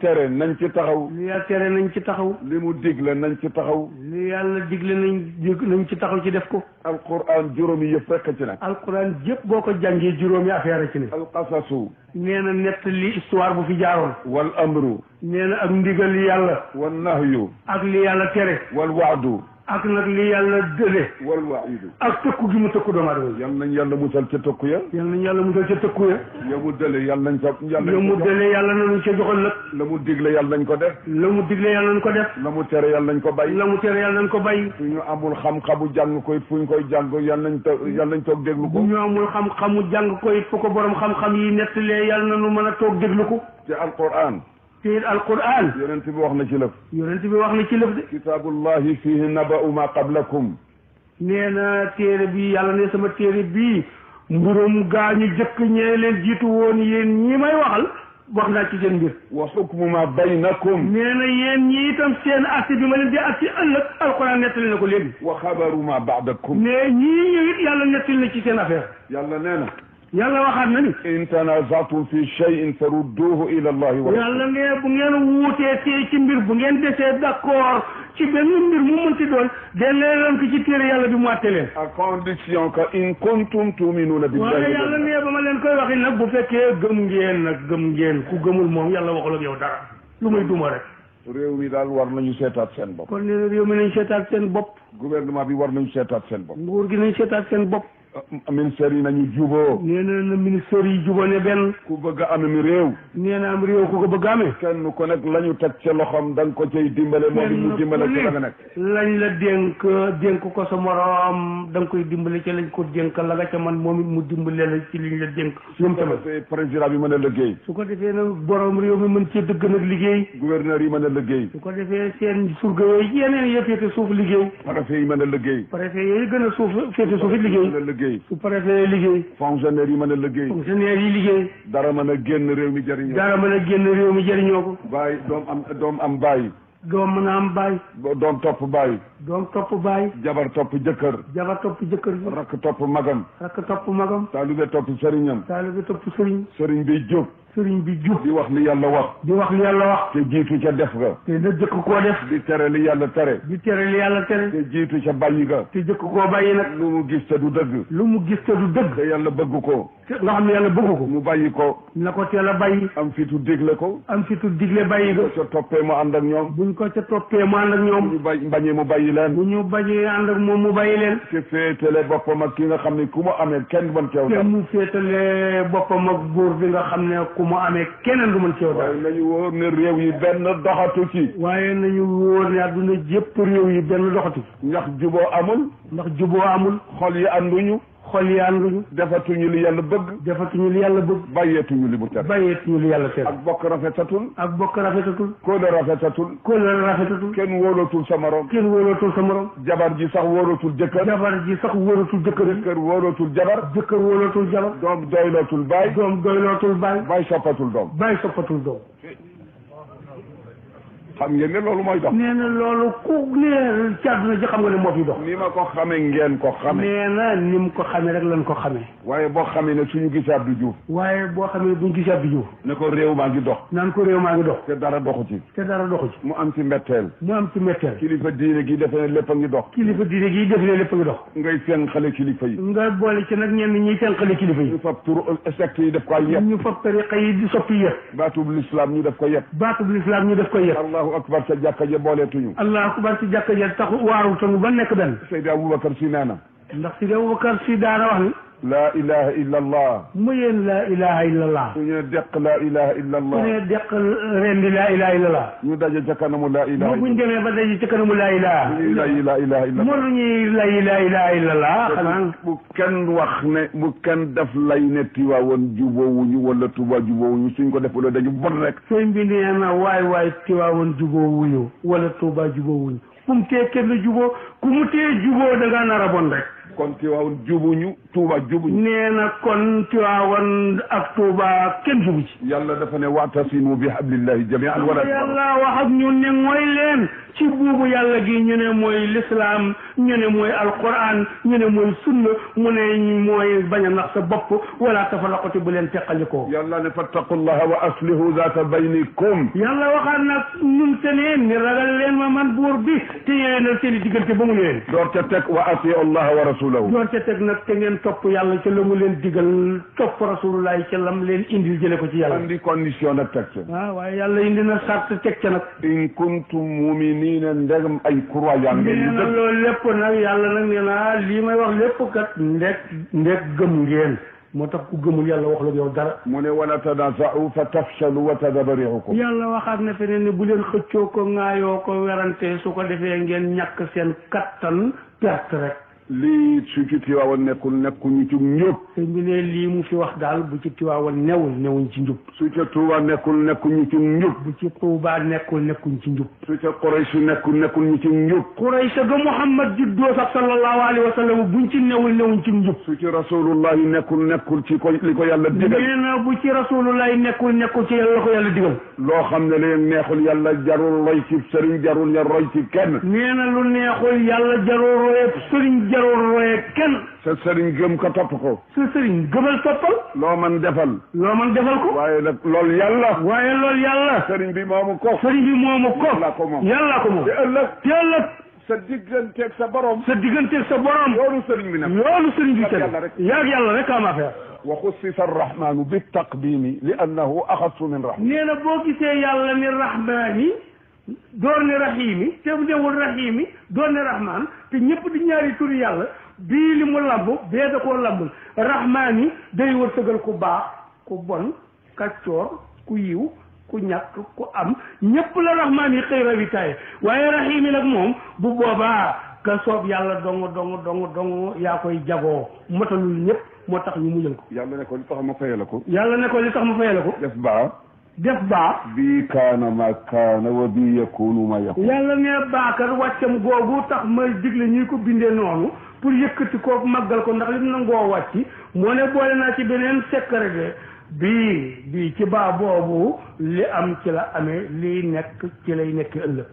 tere nañ ci taxaw. li yàlla tere nañ ci taxaw. li mu digle nañ ci taxaw. li yàlla digle nañ nañ ci taxaw ci def ko. alquran juróomi yëpp rekk ci nekk. alquran yëpp boo ko jàngee juróomi affaire ci nekk. alqasasu. nee na nettali histoire bu fi jaaroon. wal amru. nee na ak ndigal yàlla. wal nahyu. ak li yàlla tere. wal waadu. ak nag li yàlla dële wal waidu ak tëkku gi mu tëkku doomu aadama yal nañ yàlla musal ca tëkku ya yal nañ yàlla musal ca tëkku ya yamu dële yal nañ sa yàlla yamu dële yàlla nañu ca joxal nag la mu digle yàlla nañ ko def la mu digle yàlla nañ ko def la mu tere yàlla nañ ko bay la mu tere yàlla nañ ko bay bàyyi ñu amul xam-xamu jàng ko it fu ñu koy jàng yal nañ toog yal nañ toog déglu ko ñu amul xam-xamu jàng ko it fu ko borom xam-xam yi nettalee yàlla nañu mën a toog déglu ko ci alquran ci alquran yonent bi wax na ci lëf yonent bi wax na ci lëf de kitaabullahi fihi naba'u ma qablakum nee na téere bi yàlla ne sama téere bii mburum gaañu jëkk ñee leen jiitu woon yéen ñi may waxal wax naa ci seen mbir wa xukmu ma baynakum nee na yéen ñi itam seen atti bi ma leen di atti ëllëg alquran nettali na ko léegi wa xabaru ma ba'dakum ne ñii ñëwit yàlla nettali na ci seen affaire yàlla nee na yàlla waxaat na ni in tanazatum fi cheyin farudduhu ila allahi wa yàlla bu ngeen wuutee ci ci mbir bu ngeen desee d'accord ci benn mbir mu mënti doon delloo leen ko ci téere yàlla bi mu àtte leen à condition que in kuntum tuminuuna billahi wala yàlla ne ba ma leen koy waxi nag bu fekkee gëm ngeen nag gëm ngeen ku gëmul moom yàlla waxul ak yow dara lu muy duma rek réew mi daal war nañu seetaat seen bopp kon nee na réew mi nañ seetaat seen bopp gouvernement bi war nañu seetaat seen bopp nguur gi nañ seetaat seen bopp ministère yi nañu juboo nee na ministère yi juboo ne benn ku bëgg a mi réew nee am réew ku ko bëgg a amee kenn ku nekk la teg ca loxom da nga ko cay dimbale moom ñu dimbale ci la nga nekk lañ la dénk dénk ko sa morom da nga koy dimbale ci lañ ko dénk la nga ca man moom it mu dimbale la la dénk ñoom tamit président bi mën a liggéey su ko defee nag borom réew mi mën cee dëgg nag liggéey gouverneur yi mën a liggéey su ko defee seen surga yooyu yeneen yëpp féete suuf liggéey préfet yi mën a a liggéey liggéey. su préfet liggéey. fonctionnaire yi mën a liggéey. fonctionnaire yi liggéey. dara mën a génn réew mi jëriñoo. dara mën a génn réew mi jëriñoo ko. baay doom am doom am baay. doom am baay. doom topp baay. doom topp baay. jabar topp jëkkër. jabar topp jëkkër bi. rakk topp magam. rakk topp magam. taalibe topp sëriñam. taalibe topp sëriñ. sëriñ bi jóg. sëriñ bi jub di wax li yàlla wax di wax li yàlla wax te jiitu ca def ga te na jëkk koo def di tere li yàlla tere di tere li yàlla tere te jiitu ca bàyyi ga te jëkk koo bàyyi nag lu mu gis te du dëgg lu mu gis te du dëgg te yàlla bëgg ko nga xam ne yàlla bëgg ko mu bàyyi ko na ko teel a bàyyi am fitu digle ko am fitu digle bàyyi ko ca toppee mu ànd ak ñoom buñ ko ca toppee mu ànd ak ñoom ñu bañee mu bàyyi leen bu ñu bañee ànd ak mu bàyyi leen te féetale boppam ak ki nga xam ne ku mu amee kenn ban moo amee keneen du mën ci yow dara. waaye nañu wóor ne réew yi benn doxatu ci. waaye nañu wóor ne àdduna jëpp réew yi benn doxatu ci. ndax juboo amul. ndax juboo amul. xol yi ànduñu. xol yanduñu defatuñu li yàlla bëgg defatuñu li yàlla bëgg bàyyeetuñu li mu tere bàyyeetuñu li yàlla tere ak bokk rafetatul ak bokk rafetatul kóola rafetatul kóola rafetatul kenn wóolatul sa morom kenn wóolatul sa morom jabar ji sax wóolatul jëkkër jabar ji sax wóolatul jëkkër jëkkër wóolatul jabar jëkkër wóolatul jabar doom doylootul baay doom doylootul baay baay soppatul doom baay soppatul doom xam ngeen ne loolu mooy dox. nee na loolu ku nee ci àdduna xam nga ne moo fi dox. ni ma ko xamee ngeen ko xamee. nee ni mu ko xamee rek lañ ko xamee. waaye boo xamee ne suñu gisee Abdou Diouf. waaye boo xamee buñu gisee Abdou Diouf. ne ko réew maa ngi dox. naan ko réew maa ngi dox. te dara ci. te dara ci. mu am ci mbetteel. mu am ci mbetteel. kilifa diine gi defe ne lépp a ngi dox. kilifa diine gi defe ne lépp a ngi dox. ngay seen xale kilifa yi. nga boole ci nag ñenn ñu eh, yi def ko ay yëpp. ñu allahu akbar ca jàkka ja booleetuñu allahu akbar ci jàkka ja taxu waaru tamu ba nekk benn Seydi Aboubacar si nee na ndax Seydi Aboubacar si daana wax ni laa ilaha illa allah mu yéen laa ilaha illa allah ku ñee deq laa ilaha illa allah ku ñee deq rendi laa ilaha illa allah ñu daje ca kanamu laa ilaha bu ñu demee ba daje ca kanamu laa ilaha lay laa ilaha illa allah mënu ñuy lay laa ilaha illa allah xanaa bu kenn wax ne bu kenn def lay ne tiwaawoon jubóowuñu wala tuba jubóowuñu suñ ko def wala dañu bon rek sëñ bi nee na waay waay tiwaawoon jubóowuñu wala tuba jubóowuñu bu mu tee kenn jubóo ku mu tee jubóo da ngaa nar a bon rek kon Tiwaawan jubuñu Touba jubuñu. nee na kon Tiwaawan ak Touba kenn jubu ci. yàlla dafa ne waatasimu bi hablillahi jamian wala. yàlla wax ak ñun ne mooy leen ci buubu yàlla gi ñu ne mooy lislaam ñu ne mooy alquran ñu ne mooy sunna mu ne mooy bañ a nax sa bopp wala tafarraqati bu leen teqalikoo. yàlla ne fattaqullaha wa aslihu zaata baynikum. yàlla waxaat nag ñun te ne ni ragal leen ma man buur bi te yéenal seen i diggante ba mu leen. door ca teg wa atiu allaha wa rasul rasulahu door ca teg nag te ngeen topp yàlla ca la mu leen digal topp rasulullahi ca lam leen indil jële ko ci yàlla andi condition nag teg ca waaw ah, waaye yàlla indi na sart teg ca nag in kuntum muminina ndegam ay croyant ngeen nee na loolu lépp nag yàlla nag nee na ah, lii may wax lépp kat ndeg ndeg gëm ngeen moo tax ku gëmul yàlla wax la yow dara mu ne wala tanazaau fa tafchalu wa ko yàlla waxaat na feneen ne bu leen xëccoo ko ŋaayoo ko werante su ko defee ngeen ñàkk seen kattan perte lii su ci Tiwaawan nekkul nekkuñu ci njub. sëñ bi ne lii mu fi wax daal bu ci Tiwaawan newul newuñ ci njub. su ca Tuuba nekkul nekkuñu ci njub. bu ci Tuuba nekkul nekkuñ ci njub. su ca Quraysh nekkul nekkul ñu ci njub. Quraysh ga Muhammad juddoo sax sallallahu alayhi wa sallam buñ ci newul newuñ ci njub. su ci rasulullahi nekkul nekkul ci ko li ko yàlla digal. nee na bu ci rasulullahi nekkul nekkul ci yàlla ko yàlla digal. loo xam ne leen neexul yàlla jarul roy ci sëriñ jarul ya roy ci kenn. nee na lu neexul yàlla jarul roy sëriñ jarul royee kenn sa sëriñ gëm ko topp ko sa sëriñ gëmal toppal loo man defal loo man defal ko waaye nag loolu yàlla waaye loolu yàlla bi moomu ko sëriñ ko yàlla ko moom yàlla ko moom te ëllëg te ëllëg sa digganteeg sa borom sa digganteeg sa borom bi nag yoonu sëriñ bi tamit yaag yàlla rek am affaire wa xussisa bi taqdimi li annahu axasu min na ni door ne rahimi te bu newul rahimi door ne rahman te ñëpp di ñaari turi yàlla bii li mu lamb bee da koo lambul rahmaan yi day wërsëgal ku baax ku bon kaccoor ku yiw ku ñàkk ku am ñëpp la rahmaan yi xëy rawitaay waaye rahimi nag moom bu boobaa ka soob yàlla dong dong dong dong yaa koy jagoo matalul ñëpp moo tax ñu mujjal ko yàlla ne ko li tax ma fayee yàlla ne ko li tax ma la ko def baax def baa bii kaana ma kaana wa bii yakunu ma yakun yàlla ne baakar wàccam googu tax ma digle ñuy ko bindee noonu pour yëkkati ko màggal ko ndax lim nangoo wàcc moo ne boole naa ci beneen secret de bii bii ci baa boobu li am ci la amee liy nekk ci lay nekk ëllëg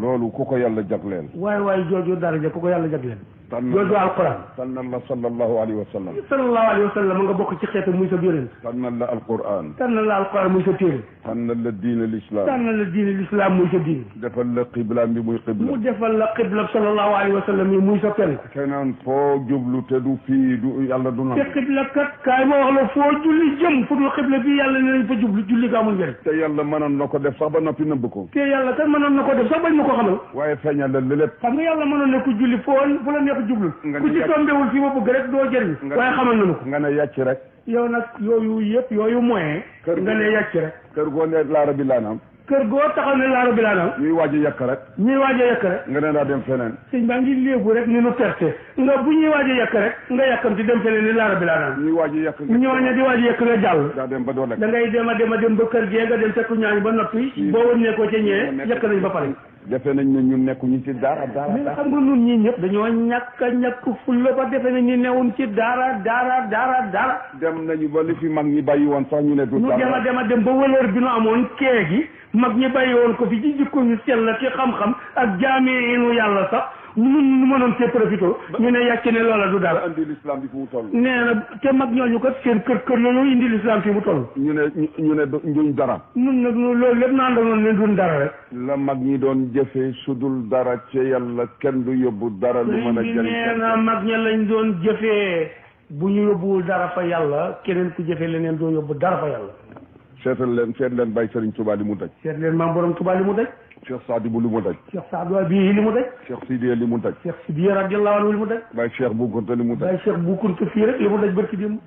loolu ku ko yàlla jagleel waay waaye jooju daraja ku ko yàlla jagleel jooju alquran tànnal la sallallahu alayhi wa sallam sallallahu alayhi wa sallam nga bokk ci xeetam muy sa yonent tànnal la alquran tànnal la alquran muy sa téere tànnal la diine l'islam tànnal la diine l'islam muy sa diine defal la qiblaam bi muy qibla mu defal la qibla sallallahu alayhi wa sallam yi muy sa penk keneen foo jublu te du fii du yàlla du na te qibla kat kaay ma wax la foo julli jëm fu dul qibla bi yàlla ne nañ fa jublu julli ga amul njëriñ te yàlla mënoon na ko def sax ba noppi nëbb ko te yàlla kat mënoon na ko def sax bañ ma ko xamal waaye feeñal la lépp xam nga yàlla mënoon na ko julli foo fu la neex ci jublu ku ci tombewul ci ma bëgg rek doo jëriñ waaye xamal nañu ko nga ne yàcc rek yow nag yooyu yëpp yooyu moyen nga ne yàcc rek kër goo ne laara bi laanaam kër goo taxaw ne laaro bi laa daw ñuy waaj a yàq rek ñuy a yàq rek nga ne daa dem feneen sëñ baa ngi léegu rek ni nu perte nga bu ñuy waaj a yàq rek nga yàkkamti dem feneen ni laaro laa daw ñuy waaj a yàq ñooña di a nga jàll daa dem ba doo lekk da ngay dem a dem a dem ba kër gee nga dem fekk ñaañ ba noppi boo wënnee ko ca ñee yàq nañ ba pare defe nañ ne ñu nekkuñu ci dara dara. mais xam nga ñun ñii ñëpp dañoo ñàkk a ñàkk fulla ba defe nañ ñu newuñ ci dara dara dara dara. dem nañu ba li fi mag ñi bàyyi woon sax ñu ne. du dara ñu dem a dem dem ba wëlër bi nu amoon kee gi. mag ñi bàyyi woon ko fi ci jikko ñu sell ci xam-xam ak jaamee inu yàlla sax mun nu mënoon cee profité ñu ne yàcc ne loola du dara indi l'islam bi fi mu toll nee na te mag ñooñu kat seen kër kër loolu indi l'islam mu toll ñu ne ñu ne duñ dara nun nag loolu lépp naan danoon ne duñ dara la mag ñi doon jëfee su dul dara ci yàlla kenn du yóbbu dara lu mën a jëriñ nee na mag ña lañ doon jëfee bu ñu yóbbuwul dara fa yàlla keneen ku jëfee leneen doo yóbbu dara fa yàlla seetal leen seet leen Baye Serigne Touba li mu daj seet leen maam borom Touba li mu daj Cheikh Sadibou li mu daj Cheikh Sadou Abiy li mu daj Cheikh Sidiye li mu daj Cheikh Sidiye radiyallahu anhu li mu daj Baye Cheikh Boukounta li mu daj Baye Cheikh Boukounta fii rek li mu daj barki démb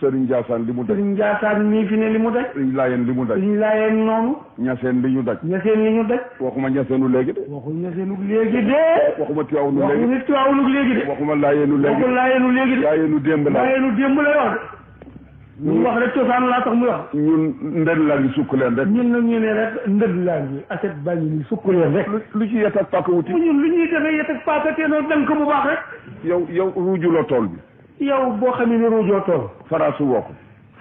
Serigne Ndiassane li mu daj Serigne Ndiassane mii fi ne li mu daj Serigne Layeen li mu daj Serigne Layeen noonu ñaseen li ñu daj ñaseen li ñu daj waxuma ñaseenu léegi de waxu ñaseenu léegi de waxuma tiwaawunu léegi waxuma tiwaawunu léegi de waxuma laayeenu léegi waxu laayeenu léegi de laayeenu démb la laayeenu démb la wax lu mu wax rek cosaan laa tax mu wax. ñun ndëd laa ngi sukk leen rek. ñun nag ñu ne rek ndëd laa ngi aset baa ngi nii sukk leen rek. lu ci yet ak paaka wuti. ñun lu ñuy defee yet ak paaka te noonu danga ko bu baax rek. yow yow ruujuloo tool bi. yow boo xamee ne ruujoo tool. faraasu woo ko.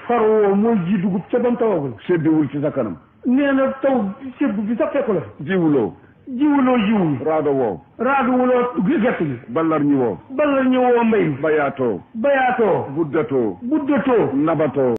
faru woo mooy ji dugub ca ba mu tawagul. séddiwul ci sa kanam. nee na taw séddu bi sax fekku la. jiwuloo. jiw jiwuloo jiwu raado woo raado wuloo gerte gi ballar ñu woo ballar ñu woo mbay bayaatoo bayaatoo buddatoo buddatoo nabatoo